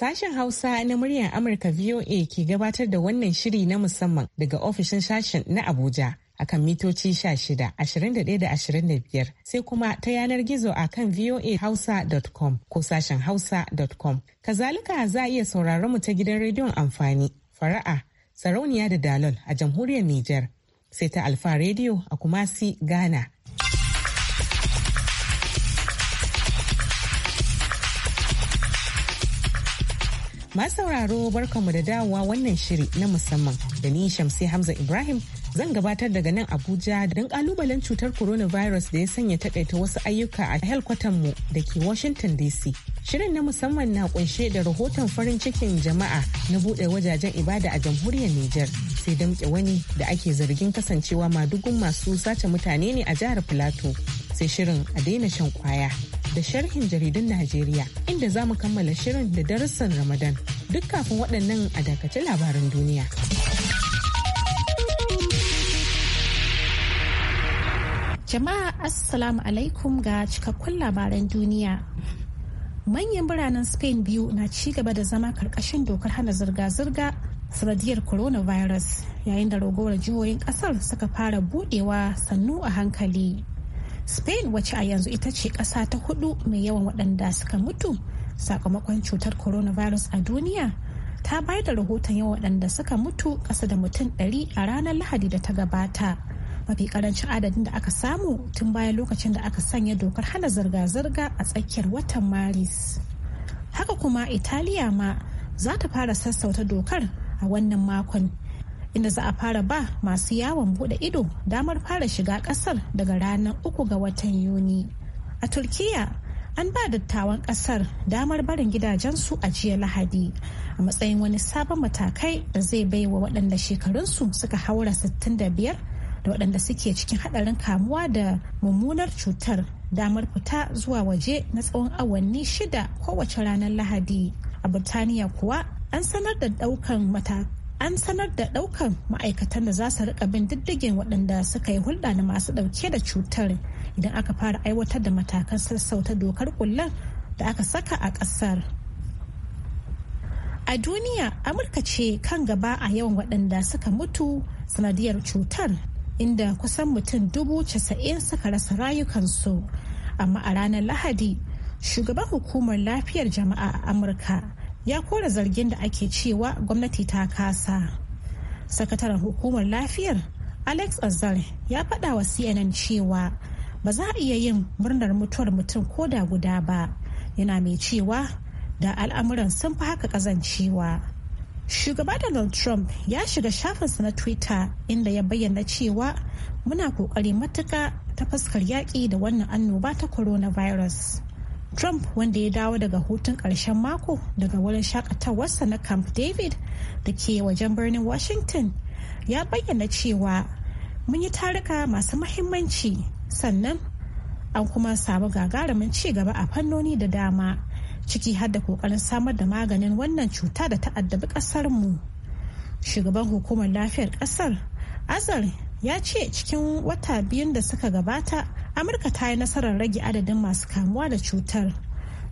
Sashen Hausa na muryar Amurka VOA ke gabatar da wannan shiri na musamman daga ofishin sashen na Abuja. akan mitoci 16, 21 da 25 sai kuma ta yanar gizo a kan voahausa.com ko sashen hausa.com. Kazalika za a iya sauraron mu ta gidan rediyon amfani, fara'a, sarauniya da dalol a jamhuriyar Nijar, sai ta alfa rediyo a kumasi Ghana. Masu sauraro barkanmu da dawowa wannan shiri na musamman da ni Shamsi Hamza Ibrahim zan gabatar daga nan Abuja don kalubalen cutar coronavirus da ya sanya takaita wasu ayyuka a mu da ke Washington DC. Shirin na musamman na kunshe da rahoton farin cikin jama'a na buɗe wajajen ibada a jamhuriyar Nijar sai damƙe wani da ake zargin kasancewa madugun masu sace mutane ne a jihar Filato. Sai shirin a daina shan kwaya da sharhin jaridun Najeriya inda za mu kammala shirin da darussan Ramadan duk kafin waɗannan a dakace labaran duniya. Jama'a Assalamu alaikum ga cikakkun labaran duniya. Manyan biranen Spain biyu na ci gaba da zama karkashin dokar hana zirga-zirga sanadiyar coronavirus yayin da ragowar jihohin kasar suka fara budewa sannu a hankali. spain wacce a yanzu ita ce ƙasa ta hudu mai yawan waɗanda suka mutu sakamakon cutar coronavirus a duniya ta bayar da rahoton yawan waɗanda suka mutu ƙasa da mutum 100 a ranar lahadi da ta gabata mafi karancin adadin da aka samu tun bayan lokacin da aka sanya dokar hana zirga-zirga a tsakiyar watan maris haka kuma italiya ma za ta fara sassauta dokar a wannan makon inda za a fara ba masu yawon bude ido damar fara shiga kasar daga ranar uku ga watan Yuni. A Turkiya an ba dattawan kasar damar barin gidajensu a jiya Lahadi a matsayin wani sabon matakai da zai baiwa waɗanda shekarunsu suka haura 65 da waɗanda suke cikin haɗarin kamuwa da mummunar cutar damar fita zuwa waje na tsawon awanni shida kowace ranar lahadi a burtaniya kuwa an sanar da ɗaukan an sanar da daukan ma'aikatan da za su rika bin diddigin waɗanda suka yi hulɗa da masu ɗauke da cutar idan aka fara aiwatar da matakan sassauta dokar kullum da aka saka a ƙasar a duniya amurka ce kan gaba a yawan waɗanda suka mutu sanadiyar cutar inda kusan mutum dubu casa'in suka rasa rayukansu amma a ranar lahadi shugaban hukumar lafiyar jama'a a amurka ya kora zargin da ake cewa gwamnati ta kasa sakataren hukumar lafiyar alex azar ya faɗa wa cnn cewa ba za a iya yin murnar mutuwar mutum ko da guda ba yana mai cewa da al'amuran sun fi haka kazancewa shugaba donald trump ya shiga shafinsa na twitter inda ya bayyana cewa muna kokari matuƙa ta fuskar yaƙi da wannan annoba ta coronavirus Trump wanda ya dawo daga hutun ƙarshen mako daga wurin shakatawarsa na Camp David da ke wajen birnin Washington ya bayyana cewa mun yi taruka masu mahimmanci sannan an kuma samu gagarumin ci gaba a fannoni da dama ciki har da kokarin samar da maganin wannan cuta da ta addabi ƙasarmu. Shugaban hukumar lafiyar ƙasar Azar ya ce cikin wata biyun da suka gabata amurka ta yi nasarar rage adadin masu kamuwa da cutar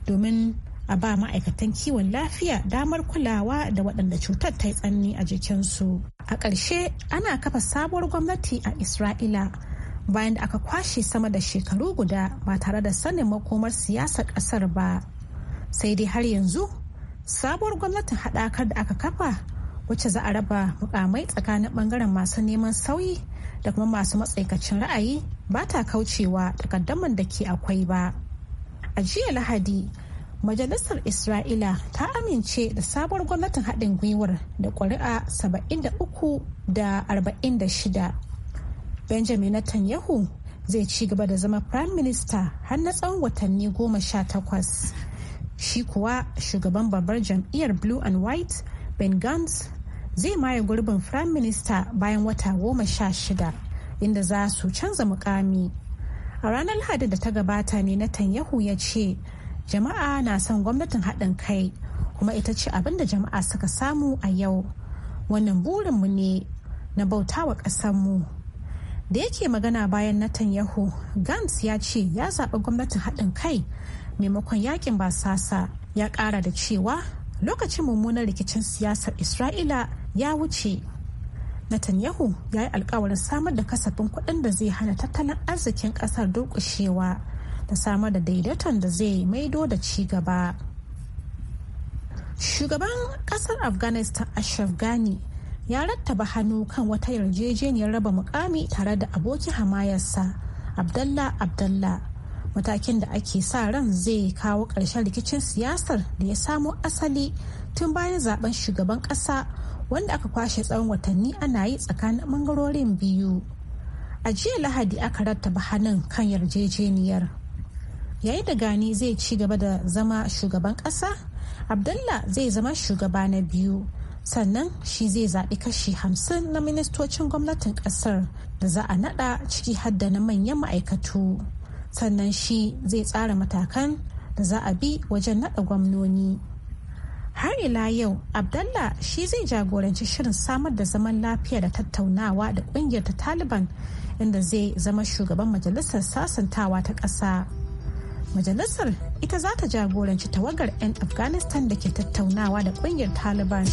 domin a ba ma'aikatan kiwon lafiya damar kulawa da waɗanda cutar ta yi tsanani a jikinsu a ƙarshe ana kafa sabuwar gwamnati a isra'ila bayan da aka kwashe sama da shekaru guda ba tare da sanin makomar siyasar ƙasar ba sai dai har yanzu sabuwar gwamnatin haɗakar da aka kafa wacce za a raba mukamai tsakanin ɓangaren masu neman sauyi da kuma masu matsaikacin ra'ayi ba ta kaucewa takaddaman da ke akwai ba. A jiya Lahadi, Majalisar Isra'ila ta amince da sabuwar gwamnatin haɗin gwiwar da ƙuri'a 73 da 46. Benjamin Netanyahu zai ci gaba da zama Prime Minister har na tsawon watanni goma sha takwas. Shi kuwa shugaban babbar jam'iyyar Blue and White Ben Gantz zai maye gurbin firayim minista bayan wata goma sha shida inda za su canza mukami a ranar lahadi da ta gabata ne na tanyahu ya ce jama'a na son gwamnatin haɗin kai kuma ita ce abin da jama'a suka samu a yau wannan burinmu ne na bautawa ƙasanmu da yake magana bayan netanyahu gans ya ce ya zaɓi gwamnatin haɗin kai maimakon yakin basasa ya ƙara da cewa lokacin mummunan rikicin siyasar isra'ila ya wuce Netanyahu ya yi alkawarin samar da kasafin kuɗin da zai hana tattalin arzikin ƙasar durƙushewa da samar da daidaiton da zai maido da ci gaba. Shugaban ƙasar Afghanistan Ashraf Ghani ya rattaba hannu kan wata yarjejeniyar raba mukami tare da abokin hamayarsa Abdallah Abdallah matakin da ake sa ran zai kawo ƙarshen rikicin siyasar da ya samo asali tun bayan zaben shugaban ƙasa wanda aka kwashe tsawon watanni ana yi tsakanin bangarorin biyu a jiya lahadi aka rattaba hannun kan yarjejeniyar yayin da gani zai ci gaba da zama shugaban ƙasa abdullah zai zama shugaba na biyu sannan shi zai zaɓi kashi hamsin na ministocin gwamnatin ƙasar da za a naɗa ciki hadda na manyan ma'aikatu sannan shi zai tsara matakan da za a bi wajen naɗa gwamnoni. har ila yau abdallah shi zai jagoranci shirin samar da zaman lafiya da tattaunawa da kungiyar ta taliban inda zai zama shugaban majalisar sasantawa ta ƙasa majalisar ita za ta jagoranci tawagar 'yan afghanistan da ke tattaunawa da kungiyar taliban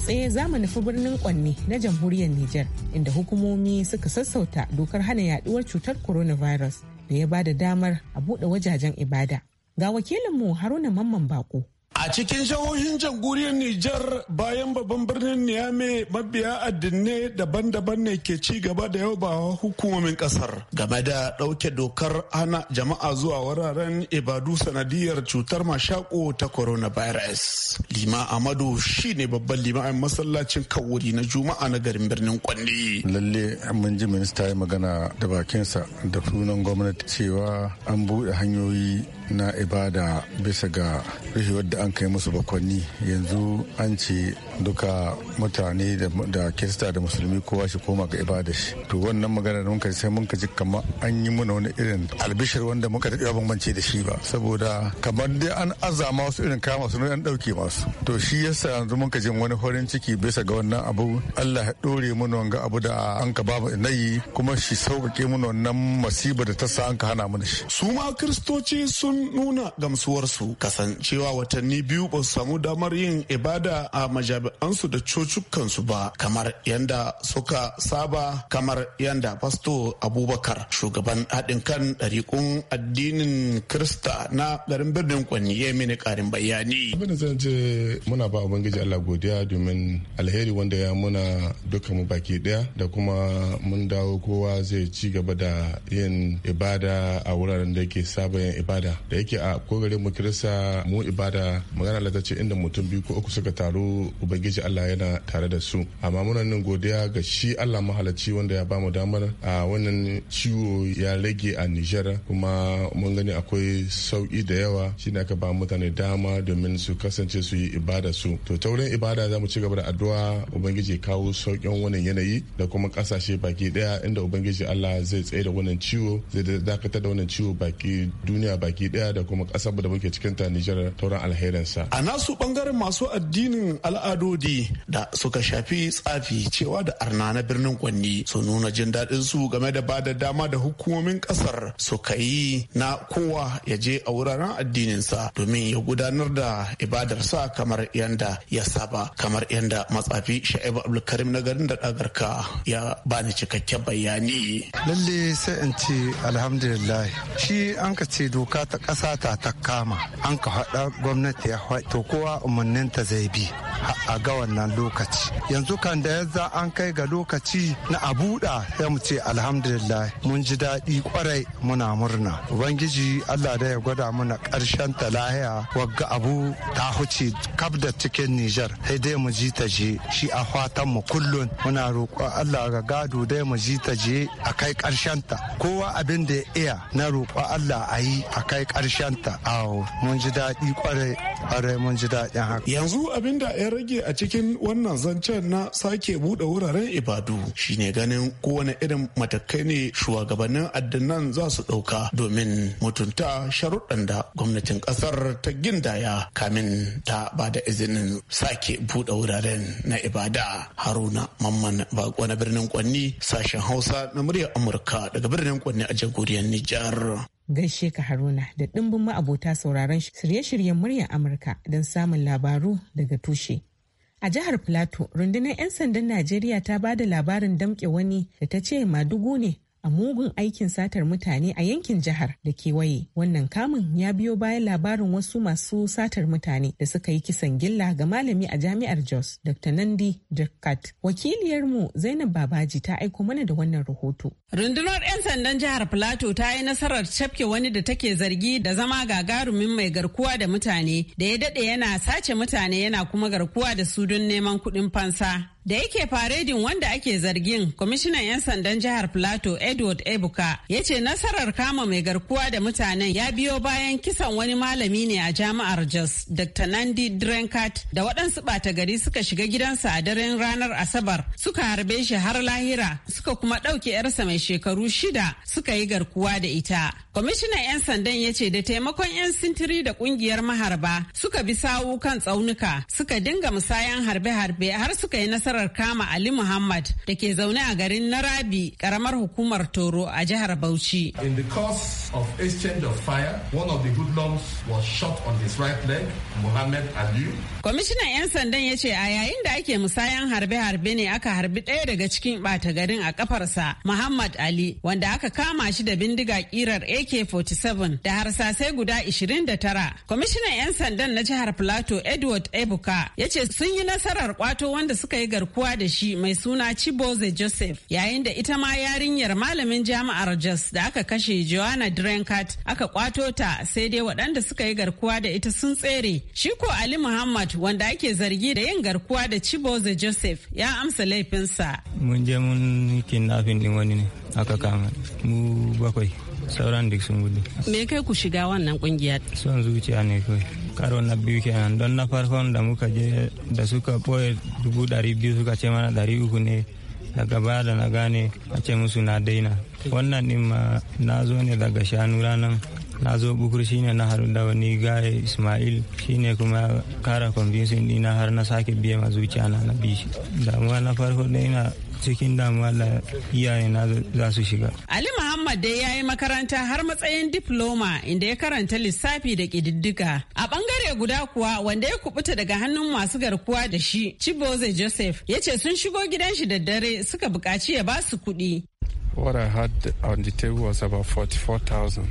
kai tsaye za mu nufi birnin kwanne na jamhuriyar Nijar inda hukumomi suka sassauta dokar hana yaduwar cutar coronavirus da ya bada damar a buɗe wajajen ibada. Ga wakilinmu Haruna Mamman Bako A cikin jihohin jamhuriyar Nijar bayan babban birnin Niyame mabiya addinai daban-daban ne ke ci gaba da yau ba hukumomin kasar game da ɗauke dokar hana jama'a zuwa wuraren ibadu sanadiyar cutar mashako ta coronavirus. Lima Amadu shi ne babban limamin masallacin kawuri na juma'a na garin birnin Kwandi. Lalle mun ji minista ya magana da bakinsa da sunan gwamnati cewa an buɗe hanyoyi na ibada bisa ga rihewar da an kai musu bakwanni yanzu an ce duka mutane da kirista da musulmi kowa shi koma ga ibada shi to wannan magana da muka sai muka ji kamar an yi muna wani irin albishir wanda muka daɗe bambance da shi ba saboda kamar dai an azama wasu irin kama masu an ɗauke masu to shi yasa yanzu muka ji wani farin ciki bisa ga wannan abu Allah ya ɗore mu wanga abu da an ka babu nayi kuma shi sauƙaƙe mu wannan masiba da ta sa an ka hana mu shi su ma kristoci sun nuna gamsuwarsu kasancewa watanni biyu ba su samu damar yin ibada a majabi jami'ansu da cocukansu ba kamar yanda suka saba kamar yanda pasto abubakar shugaban haɗin kan ɗariƙun addinin krista na garin birnin kwanni ya mini ƙarin bayani abin da zan ce muna ba ubangiji allah godiya domin alheri wanda ya muna duka mu baki ɗaya da kuma mun dawo kowa zai ci gaba da yin ibada a wuraren da yake saba yin ibada da yake a kogare mu kirista mu ibada magana lalata ce inda mutum biyu ko uku suka taru ubangiji Allah yana tare da su amma muna nan godiya ga shi Allah mahalarci wanda ya bamu damar a wannan ciwo ya rage a Nijar kuma mun gani akwai sauki da yawa shine aka ba mutane dama domin su kasance su yi ibada su to ta wurin ibada za mu ci gaba da addu'a ubangiji kawo sauƙin wannan yanayi da kuma ƙasashe baki daya inda ubangiji Allah zai tsaye da wannan ciwo zai dakatar da wannan ciwo baki duniya baki ɗaya da kuma ƙasar da muke cikin ta Nijar tauran alherinsa a nasu bangaren masu addinin al'adu lodi da suka shafi tsafi cewa da arna na birnin kwanni su nuna jin daɗin su game da bada dama da hukumomin ƙasar su yi na kowa ya je a wuraren addininsa domin ya gudanar da ibadarsa kamar yanda ya saba kamar yanda matsafi sha'ibu abdulkarim na garin da ɗagarka ya bani cikakken bayani. lalle sai in ce alhamdulillah shi an ka ce doka ta ƙasa ta ta kama an ka haɗa gwamnati ya to kowa ta zai bi a ga wannan lokaci yanzu kan da yadda an kai ga lokaci na a ya mu ce alhamdulillah mun ji daɗi kwarai muna murna ubangiji allah da ya gwada mana ƙarshen ta lahiya wagga abu ta huce kaf da cikin nijar sai dai mu ji ta je shi a fatan mu kullun muna roƙo allah ga gado dai mu ji ta je a kai ƙarshen ta kowa abin da ya iya na roƙo allah a yi a kai ƙarshen ta awo mun ji daɗi kwarai kwarai mun ji daɗin haka yanzu abin da ya rage a cikin wannan zancen na sake buɗe wuraren ibadu shine ganin kowane irin matakai ne shugabannin addinan za su ɗauka domin mutunta sharuɗan da gwamnatin ƙasar ta gindaya kamin ta ba da izinin sake buɗe wuraren na ibada haruna mamman bako na birnin kwanni sashen hausa na muryar amurka daga birnin kwanni a jagoriyar nijar gaishe ka haruna da ɗimbin ma'abota sauraron shirye-shiryen muryar amurka don samun labaru daga tushe A jihar Filato, rundunar 'yan sandan Najeriya ta ba da labarin damƙe wani da ta ce Madugu ne a mugun aikin satar mutane a yankin jihar da kewaye. Wannan kamun ya biyo bayan labarin wasu masu satar mutane da suka yi kisan gilla ga malami a jami'ar Jos, Dr. Nandi Dirkat. Wakiliyarmu Zainab Babaji ta aiko mana da wannan rahoto. Rundunar 'yan sandan jihar Plateau ta yi nasarar cafke wani da take zargi da zama gagarumin mai garkuwa da mutane da ya daɗe yana sace mutane yana kuma garkuwa da su don neman kuɗin fansa. Da yake faredin wanda ake zargin, kwamishinan 'yan sandan jihar Plateau Edward Ebuka ya ce nasarar kama mai garkuwa da mutanen ya biyo bayan kisan wani malami ne a jami'ar Jos, Dr. Nandi Drenkat, da waɗansu ɓata gari suka shiga gidansa a daren ranar Asabar, suka harbe shi har lahira, suka kuma ɗauke 'yarsa mai shekaru shida suka yi garkuwa da ita. Kwamishinan 'yan sandan ya ce da taimakon 'yan sintiri da ƙungiyar maharba suka bi sawu kan tsaunuka, suka dinga musayan harbe-harbe har suka yi nasarar nasarar kama Ali Muhammad da ke zaune a garin Narabi, karamar hukumar Toro a jihar Bauchi. In the course of exchange of fire, one of the hoodlums was shot on his right leg, Mohammed Kwamishinan 'yan sandan ya ce a yayin da ake musayan harbe-harbe ne aka harbi ɗaya daga cikin ɓata garin a kafarsa Muhammad Ali wanda aka kama shi da bindiga kirar AK-47 da harsasai guda 29. Kwamishinan 'yan sandan na jihar plato Edward Ebuka ya ce sun yi nasarar kwato wanda suka yi garkuwa da shi mai suna Chiboze Joseph yayin da ita ma yarinyar malamin jami'ar Jos da aka kashe Joanna Drenkat aka kwato ta sai dai waɗanda suka yi garkuwa da ita sun tsere. Shi ko Ali Muhammad wanda ake zargi da yin garkuwa da Chiboze Joseph ya amsa laifinsa. Mun je mun kidnapping din wani ne aka kama mu bakwai sauran duk sun gudu. Me kai ku shiga wannan kungiya? Son zuciya ne kawai. Karo na biyu kenan don na farkon da muka je da suka boye dubu dari biyu suka ce mana dari uku ne daga baya da na gane a ce musu na daina wannan din ma na zo ne daga shanu ranar na zo bukur shine na haru da wani gaye ismail shine kuma kara convincing dina har na sake biya ma zuciya na na bi damuwa na farko daina. cikin damuwa da iyayena za su shiga. Ali Muhammad dai ya yi makaranta har matsayin diploma inda ya karanta lissafi da ƙididdiga. A ɓangare guda kuwa wanda ya kubuta daga hannun masu garkuwa da shi, Chiboze Joseph, ya ce sun shigo gidan shi da dare suka buƙaci ya ba su kuɗi. What I had on the table was about 44,000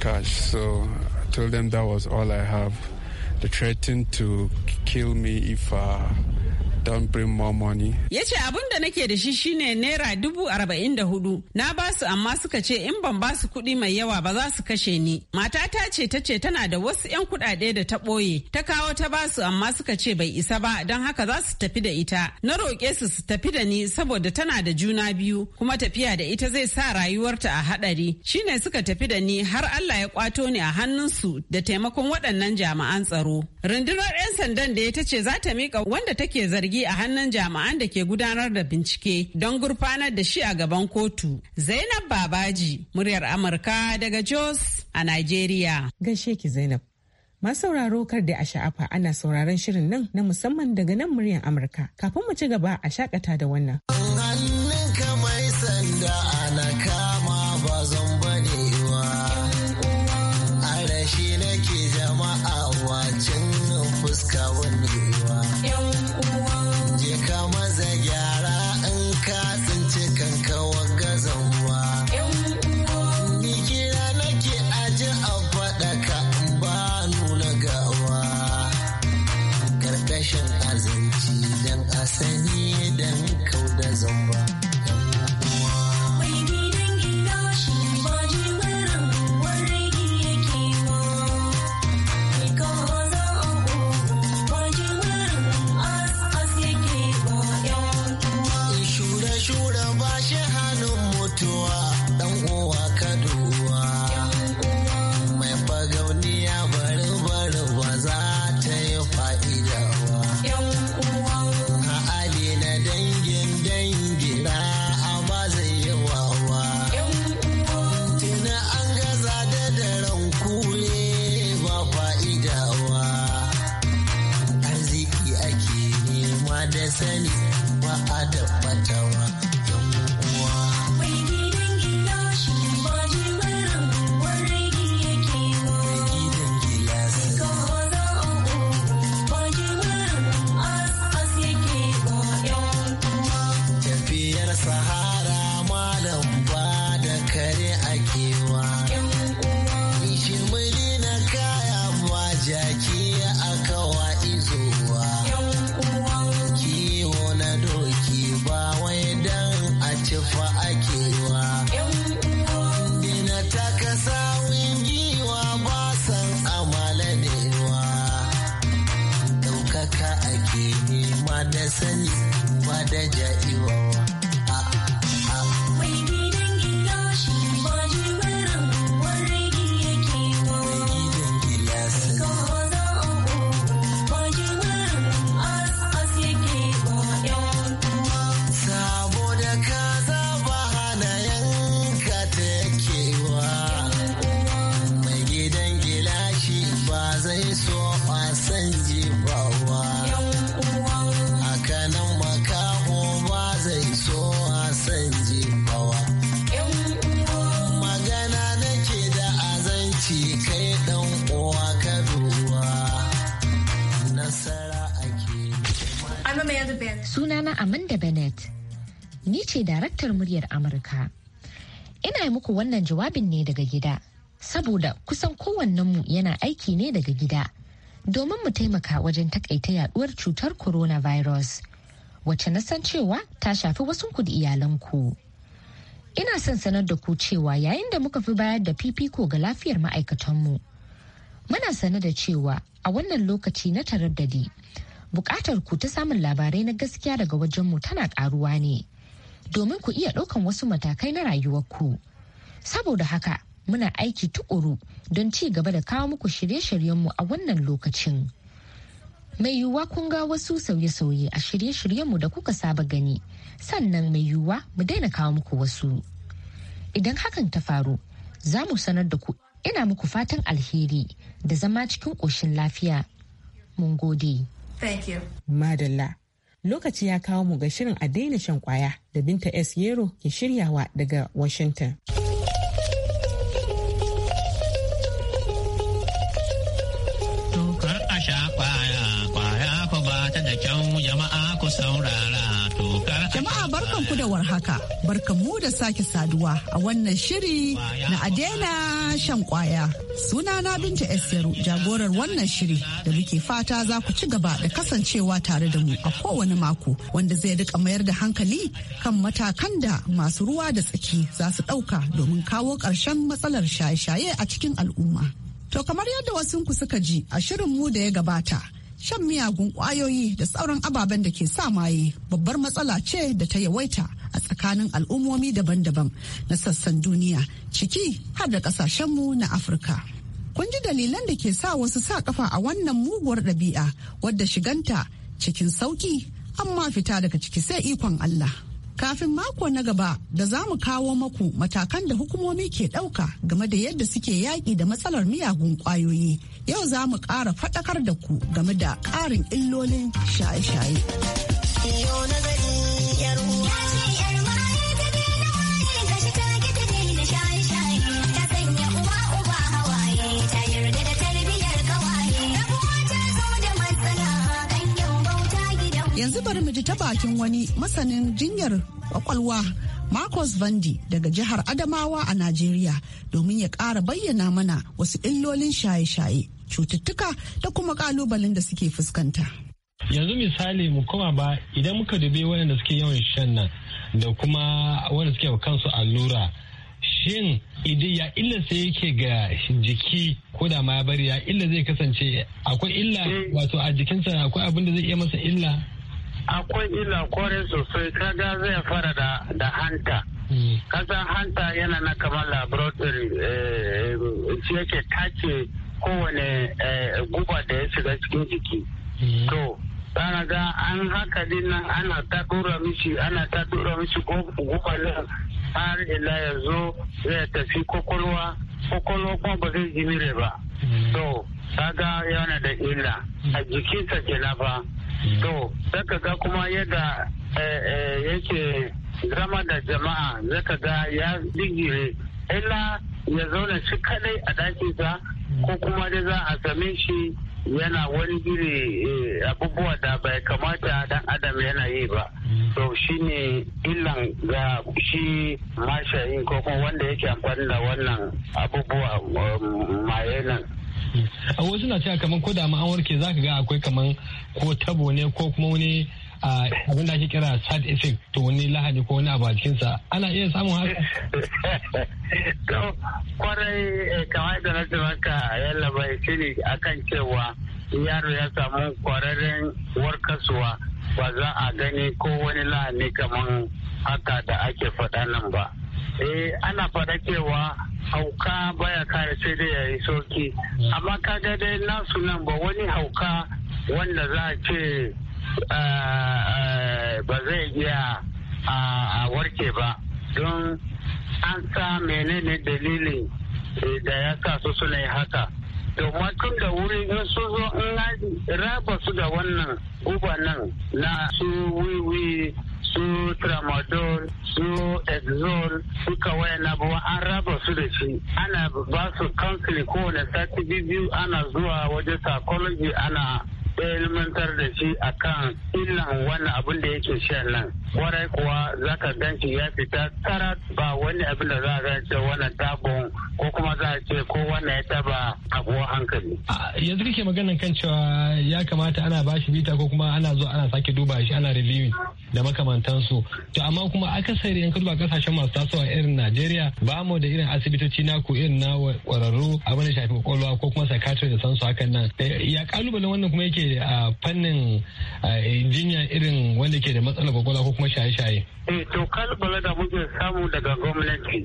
cash. So I told them that was all I have. They threatened to kill me if uh, yace more money. Ya ce abin da nake da shi shine naira dubu arba'in da hudu. Na ba su amma suka ce in ban ba su kuɗi mai yawa ba za su kashe ni. Matata ce ta ce tana da wasu 'yan kuɗaɗe da ta ɓoye. Ta kawo ta ba su amma suka ce bai isa ba don haka za su tafi da ita. Na roƙe su su tafi da ni saboda tana da juna biyu kuma tafiya da ita zai sa rayuwarta a haɗari. Shine suka tafi da ni har Allah ya kwato ni a hannunsu da taimakon waɗannan jami'an tsaro. Rundunar 'yan sandan da ya ta ce za ta miƙa wanda take zargi zargi a hannun jami'an da ke gudanar da bincike don gurfanar da shi a gaban kotu. Zainab Babaji, muryar Amurka daga Jos a Nigeria. Gaishe ki Zainab. masu sauraro kar da a sha'afa ana sauraron shirin nan na musamman daga nan muryar Amurka. Kafin mu ci gaba a shakata da wannan. ba a da batawa muryar Amurka. Ina yi muku wannan jawabin ne daga gida, saboda kusan kowannenmu yana aiki ne daga gida, domin mu taimaka wajen takaita yaduwar cutar coronavirus, wacce na san cewa ta shafi wasu kudi iyalanku. Ina son sanar da ku cewa yayin da muka fi bayar da fifiko ga lafiyar ma'aikatanmu. Muna sane da cewa a wannan lokaci na taraddadi buƙatar ku ta samun labarai na gaskiya daga wajenmu tana ƙaruwa ne domin ku iya ɗaukan wasu matakai na rayuwarku. Saboda haka muna aiki tuƙuru don ci gaba da kawo muku shirye-shiryenmu a wannan lokacin. Mai yiwuwa kun ga wasu sauye-sauye a shirye-shiryenmu da kuka saba gani, sannan mai yiwuwa mu daina kawo muku wasu. Idan hakan ta faru, za mu sanar da ku ina muku fatan alheri da zama cikin ƙoshin lafiya. Mun gode. Thank you. Madalla. lokaci ya kawo mu ga shirin a daina shan kwaya da binta S. Yero ke shiryawa daga Washington. haka barka mu da sake saduwa a wannan shiri na adena shan kwaya. Sunana Binta Esiru jagorar wannan shiri da muke fata za ku ci gaba da kasancewa tare da mu a kowane mako wanda zai rika mayar da hankali kan matakan da masu ruwa da tsaki za su ɗauka domin kawo ƙarshen matsalar shaye-shaye a cikin al'umma. To kamar yadda wasunku suka ji a shirin mu da ya gabata shan miyagun ƙwayoyi da sauran ababen da ke sa maye babbar matsala ce da ta yawaita a tsakanin al'ummomi daban-daban na sassan duniya ciki har da ƙasashenmu na afirka kun ji dalilan da ke sa wasu sa kafa a wannan muguwar ɗabi'a wadda shiganta cikin sauƙi amma fita daga ciki sai ikon allah kafin mako na gaba da za mu kawo maku matakan da hukumomi ke ɗauka game da yadda suke yaƙi da matsalar miyagun ƙwayoyi yau za mu ƙara faɗakar da ku game da ƙarin illolin shaye-shaye. bari mu ji ta bakin wani masanin jinyar kwakwalwa Marcos Vandi daga jihar Adamawa a Najeriya domin ya ƙara bayyana mana wasu illolin shaye-shaye, cututtuka da kuma ƙalubalen da suke fuskanta. Yanzu misali mu koma ba idan muka dube waɗanda suke yawan shan nan da kuma waɗanda suke kansu allura. Shin idan ya illa sai yake ga jiki ko da ma ya bari ya illa zai kasance akwai illa mm. wato a jikinsa akwai abin da zai iya masa illa akwai illa kwarai sosai kaga zai fara da hanta hmm. kasan hanta yana na kamar laboratory eh, shi yake tace kowane eh, guba da ya shiga cikin jiki hmm. to sana ga an haka dinnan ana ta dora mishi ana ta dora mishi guba nan har ila ya zo zai tafi kwakwalwa kwakwalwa kuma ba zai jimire ba hmm. to kaga yana da illa a jikinsa ke fa to saka ga kuma yadda eh, eh, yake zama da jama'a zaka ga ya digire illa ya zauna shi kadai a dakinsa ko kuma da za a same shi yana wani gire eh, abubuwa da bai kamata dan adam yana yi ba to shine illan ga shi mashayin ko kuma wanda yake amfani da wannan abubuwa um, maye a wasu na cewa kamar ko da ma ke warke zaka ga akwai kamar ko tabo ne ko kuma wani abin da ake kira side effect to wani lahadi ko wani abu a ana iya samun haka to kwarai eh, kamar da na ce maka yalla bai shine akan cewa yaro ya samu kwararren warkaswa ba za a gani ko wani lahani kamar haka da ake faɗa nan ba eh ana faɗa cewa hauka baya kare sai dai ya yi sauki amma kaga dai nasu nan ba wani hauka wanda za a ce ba zai iya a warke ba don an sa menene dalili eh, da ya sa su suna yi haka domin tun da wuri in su zo in raba su da wannan guba nan na su wiwi su tramadol su exol duka na abubuwa an raba su da shi ana ba su counseling kowane sati biyu ana zuwa wajen psychology ana ilmantar da shi a kan illan wannan abin da yake shan nan kwarai kuwa za zaka shi ya fita tara ba wani abin da za a gan ce wannan tabon ko kuma za a ce ko wannan ya taba abuwa hankali. yanzu kake maganan kan cewa ya kamata ana bashi bita ko kuma ana zuwa ana sake duba shi ana reviewing da makamantansu to amma kuma akasari in ka duba kasashen masu tasowa irin Najeriya ba mu da irin asibitoci na ku irin na kwararru abin da shafi kwakwalwa ko kuma psychiatrist da sansu hakan nan eh, ya kalubalen wannan kuma yake a fannin jinya irin wanda ke da matsalar kwakwalwa ko kuma shaye-shaye? Eh, to kalbala da muke samu daga gwamnati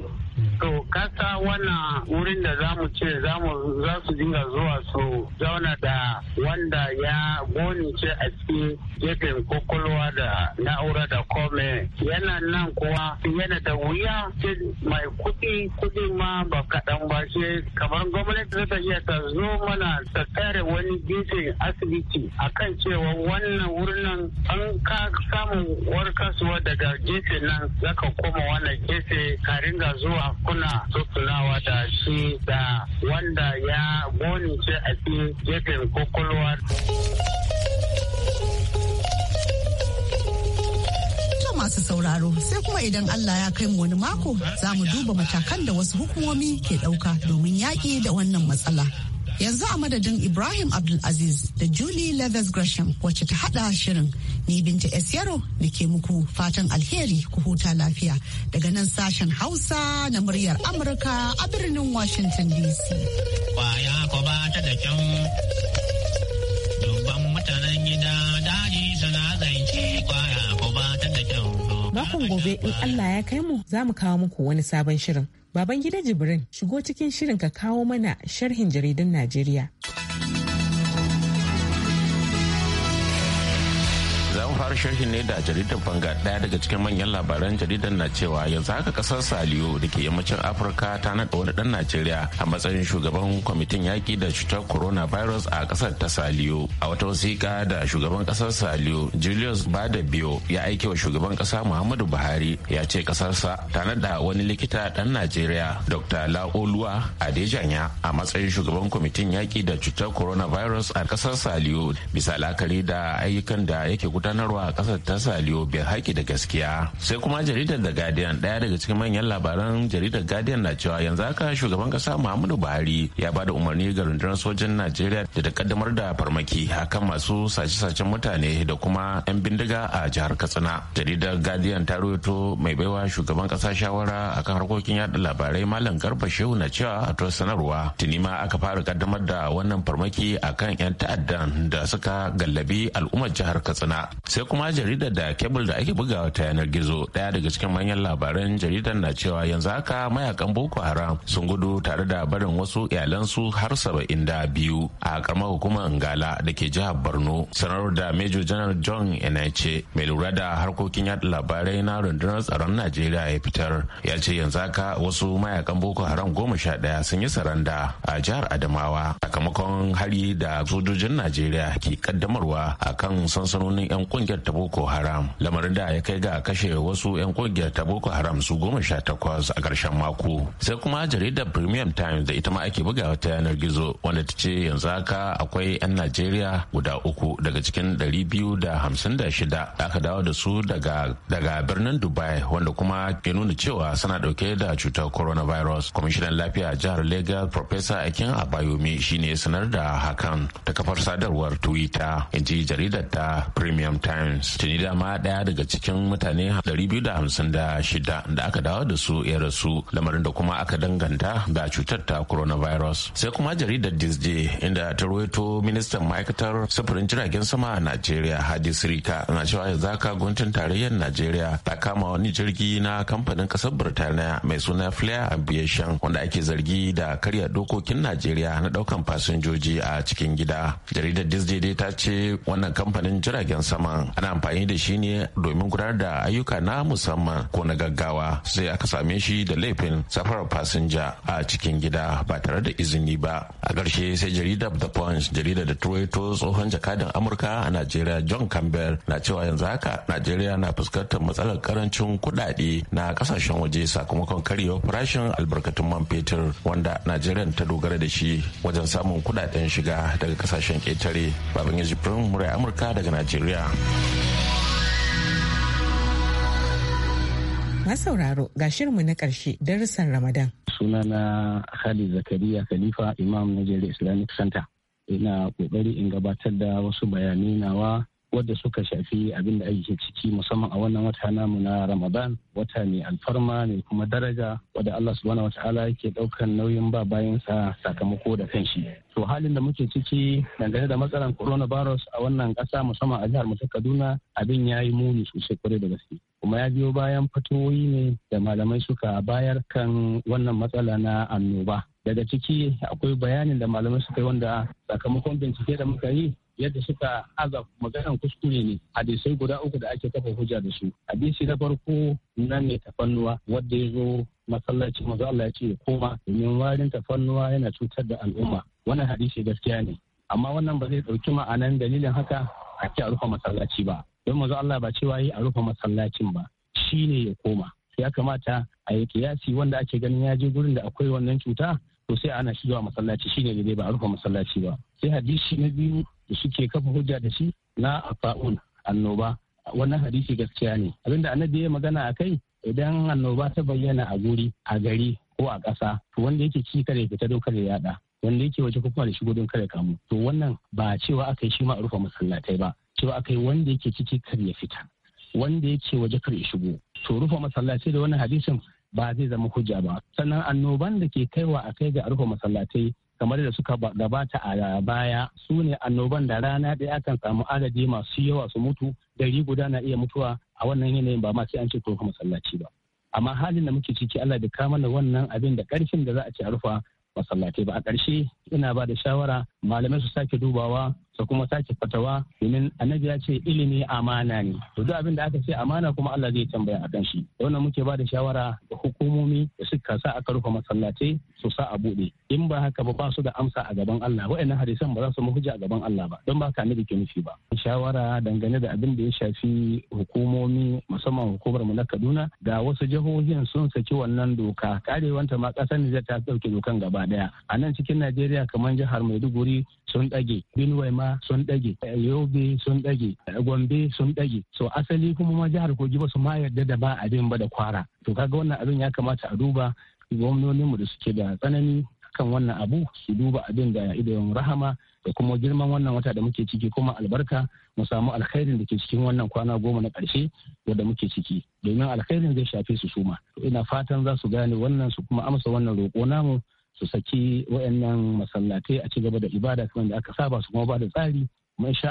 To kasa wannan wurin da za mu ce za su dinga zuwa su zauna da wanda ya gonince a cikin gefen kwakwalwa da na'ura da kome yana nan kuwa yana da wuya ce mai kuɗi kuɗi ma ba kaɗan ba shi kamar gwamnati ta iya ta zo mana ta tare wani gefen asibiti a kan cewa wannan wurin nan an ka samun warkaswa daga gefe nan zaka koma wannan gefe ka ringa zuwa kuna tattaunawa da shi da wanda ya gonince a cikin jefin kwakwalwa. masu sauraro sai kuma idan Allah ya kai mu wani mako za mu duba matakan da wasu hukumomi ke ɗauka domin yaƙi da wannan matsala. Yanzu a madadin Ibrahim Abdulaziz da Julie Leathers Gresham wacce ta hada shirin ni binta Esiyaro da ke muku fatan alheri ku huta lafiya daga nan sashen Hausa na muryar Amurka a birnin Washington DC. Kwaya ko ba ta da kyau. nan gobe in Allah ya kai mu za mu kawo muku wani sabon shirin. Baban gida Jibrin shigo cikin shirin ka kawo mana sharhin jaridan Najeriya. fara ne da jaridar banga daya daga cikin manyan labaran jaridar na cewa yanzu haka kasar saliyo da ke yammacin afirka ta naɗa wani ɗan najeriya a matsayin shugaban kwamitin yaƙi da cutar coronavirus a kasar ta saliyo a wata wasiƙa da shugaban kasar saliyo julius bada badabio ya aike wa shugaban kasa muhammadu buhari ya ce kasarsa ta naɗa wani likita ɗan najeriya dr laoluwa adejanya a matsayin shugaban kwamitin yaƙi da cutar coronavirus a ƙasar saliyo bisa lakari da ayyukan da yake gudanarwa a kasar ta saliyo biyar haƙi da gaskiya sai kuma jaridar da guardian ɗaya daga cikin manyan labaran jaridar guardian na cewa yanzu haka shugaban kasa muhammadu buhari ya ba da umarni ga rundunar sojan najeriya da ta kaddamar da farmaki akan masu sace-sacen mutane da kuma 'yan bindiga a jihar katsina jaridar guardian ta rubuto mai baiwa shugaban kasa shawara akan harkokin yada labarai malam garba shehu na cewa a to sanarwa tuni ma aka fara kaddamar da wannan farmaki akan 'yan ta'addan da suka gallabi al'ummar jihar katsina sai kuma jaridar da kebul da ake bugawa ta yanar gizo daya daga cikin manyan labaran jaridar na cewa yanzu haka mayakan boko haram sun gudu tare da barin wasu iyalansu har saba'in da biyu a karamar hukumar ngala da ke jihar borno sanar da major general john enace mai lura da harkokin yada labarai na rundunar tsaron najeriya ya fitar ya ce yanzu haka wasu mayakan boko haram goma sha daya sun yi saranda a jihar adamawa sakamakon hari da sojojin najeriya ke kaddamarwa a kan sansanonin 'yan kungiyar haram lamarin da ya kai ga kashe wasu 'yan kungiyar ta boko haram su goma sha takwas a ƙarshen mako sai kuma jaridar premium times da ita ma ake buga ta yanar gizo wanda ta ce yanzu haka akwai 'yan najeriya guda uku daga cikin biyu da hamsin da shida. aka dawo da su daga birnin dubai wanda kuma ke nuna cewa suna dauke da cutar coronavirus kwamishinan lafiya jihar legas professor akin abayomi shine sanar da hakan ta kafar sadarwar twitter in ji jaridar ta premium times prince tuni dama daya daga cikin mutane 256 da aka dawo da su ya rasu lamarin da kuma aka danganta da cutar ta coronavirus sai kuma jaridar disney inda ta ruwaito ministan ma'aikatar sufurin jiragen sama a najeriya hadi sirika na cewa yanzu haka gwamnatin tarayyar najeriya ta kama wani jirgi na kamfanin kasar birtaniya mai suna flair aviation wanda ake zargi da karya dokokin najeriya na daukan fasinjoji a cikin gida jaridar dai ta ce wannan kamfanin jiragen sama ana amfani da shi ne domin gudanar da ayyuka na musamman ko na gaggawa sai aka same shi da laifin safarar fasinja a cikin gida ba tare da izini ba a ƙarshe sai jaridar the punch jaridar da to tsohon jakadan amurka a najeriya john campbell na cewa yanzu haka najeriya na fuskantar matsalar karancin kuɗaɗe na ƙasashen waje sakamakon karyewar farashin albarkatun man fetur wanda najeriya ta dogara da shi wajen samun kuɗaɗen shiga daga ƙasashen ƙetare babban yaji firin murai amurka daga najeriya. Masauraro ga shirinmu na ƙarshe darussan Ramadan. Suna na Khalid Zakariya Khalifa Imam na Islamic Center. Ina ƙoƙari in gabatar da wasu bayanai nawa wadda suka shafi abin da ake ciki musamman a wannan wata namu na ramadan wata mai alfarma mai kuma daraja wadda allah subhanahu wataala yake daukan nauyin ba bayansa sakamako da kanshi to halin da muke ciki dangane da matsalar coronavirus a wannan kasa musamman a jihar mu kaduna abin ya yi muni sosai kwarai da gaske kuma ya biyo bayan fatoyi ne da malamai suka bayar kan wannan matsala na annoba daga ciki akwai bayanin da malamai suka yi wanda sakamakon bincike da muka yi yadda suka aza maganan kuskure ne hadisai guda uku da ake kafa hujja da su hadisi na farko nan ne tafannuwa wadda ya zo masallaci maza Allah ya ce koma domin warin tafannuwa yana cutar da al'umma wannan hadisi gaskiya ne amma wannan ba zai ɗauki ma'anan dalilin haka a ce a rufe masallaci ba don maza Allah ba cewa yi a rufe masallacin ba shine ya koma ya kamata a yi kiyasi wanda ake ganin ya je gurin da akwai wannan cuta to sai ana shi zuwa masallaci shi ne dai ba a rufe masallaci ba sai hadisi na biyu da suke kafa hujja da shi na afa'un annoba wannan hadisi gaskiya ne abinda annabi ya magana a kai idan annoba ta bayyana a guri a gari ko a ƙasa to wanda yake ci kare fita don kare yada wanda yake waje kuma da shigo don kare kamu to wannan ba cewa aka yi shi ma a rufe masallatai ba cewa aka yi wanda yake ciki kare ya fita wanda yake waje kar ya shigo to rufe masallaci da wannan hadisin ba zai zama hujja ba sannan annoban da ke kaiwa a kai ga rufe masallatai kamar da suka gabata a baya su ne annoban da rana ɗaya akan samu adadi masu yawa su mutu gari guda na iya mutuwa a wannan yanayin ba ma sai an ce ko masallaci ba amma halin da muke ciki Allah da kama da wannan abin da ƙarfin da za a ce a rufe masallatai ba a ƙarshe ina ba da shawara malamai su sake dubawa da kuma sake fatawa domin annabi ya ce ilimi amana ne to duk abin da aka ce amana kuma Allah zai tambaya akan shi wannan muke ba da shawara ga hukumomi da suka sa aka rufe masallatai su sa a buɗe in ba haka ba ba su da amsa a gaban Allah wa'annan hadisan ba za su hujja a gaban Allah ba don ba ka ne ke nufi ba shawara dangane da abin da ya shafi hukumomi musamman hukumar mu na Kaduna ga wasu jihohin sun saki wannan doka karewanta ma kasar Nijar ta ɗauke dokan gaba ɗaya a nan cikin Najeriya kamar jihar Maiduguri sun dage Benue ma sun ɗage, Yobe sun ɗage, Gombe sun ɗage. So asali kuma ma jihar Kogi ba su ma yarda da ba abin ba da kwara. To kaga wannan abin ya kamata a duba mu da suke da tsanani kan wannan abu su duba abin da idon rahama da kuma girman wannan wata da muke ciki kuma albarka mu samu alkhairin da ke cikin wannan kwana goma na ƙarshe wanda muke ciki domin alkhairin zai shafe su suma ina fatan za su gane wannan su kuma amsa wannan roƙo namu su saki wayannan masallatai a ci gaba da ibada kamar da aka saba su kuma ba da tsari kuma insha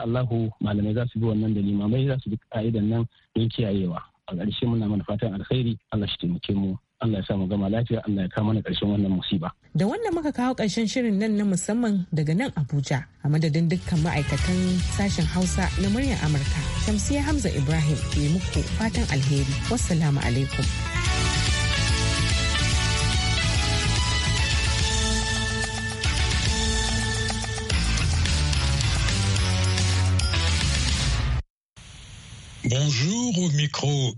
malamai za su bi wannan da limamai za su bi ka'idan nan don kiyayewa a ƙarshe muna mana fatan alkhairi Allah shi taimake mu Allah ya sa mu gama lafiya Allah ya kawo mana ƙarshen wannan musiba. Da wannan muka kawo ƙarshen shirin nan na musamman daga nan Abuja a madadin dukkan ma'aikatan sashen Hausa na muryar Amurka. Shamsiya Hamza Ibrahim ke muku fatan alheri. Wassalamu alaikum. Bonjour au micro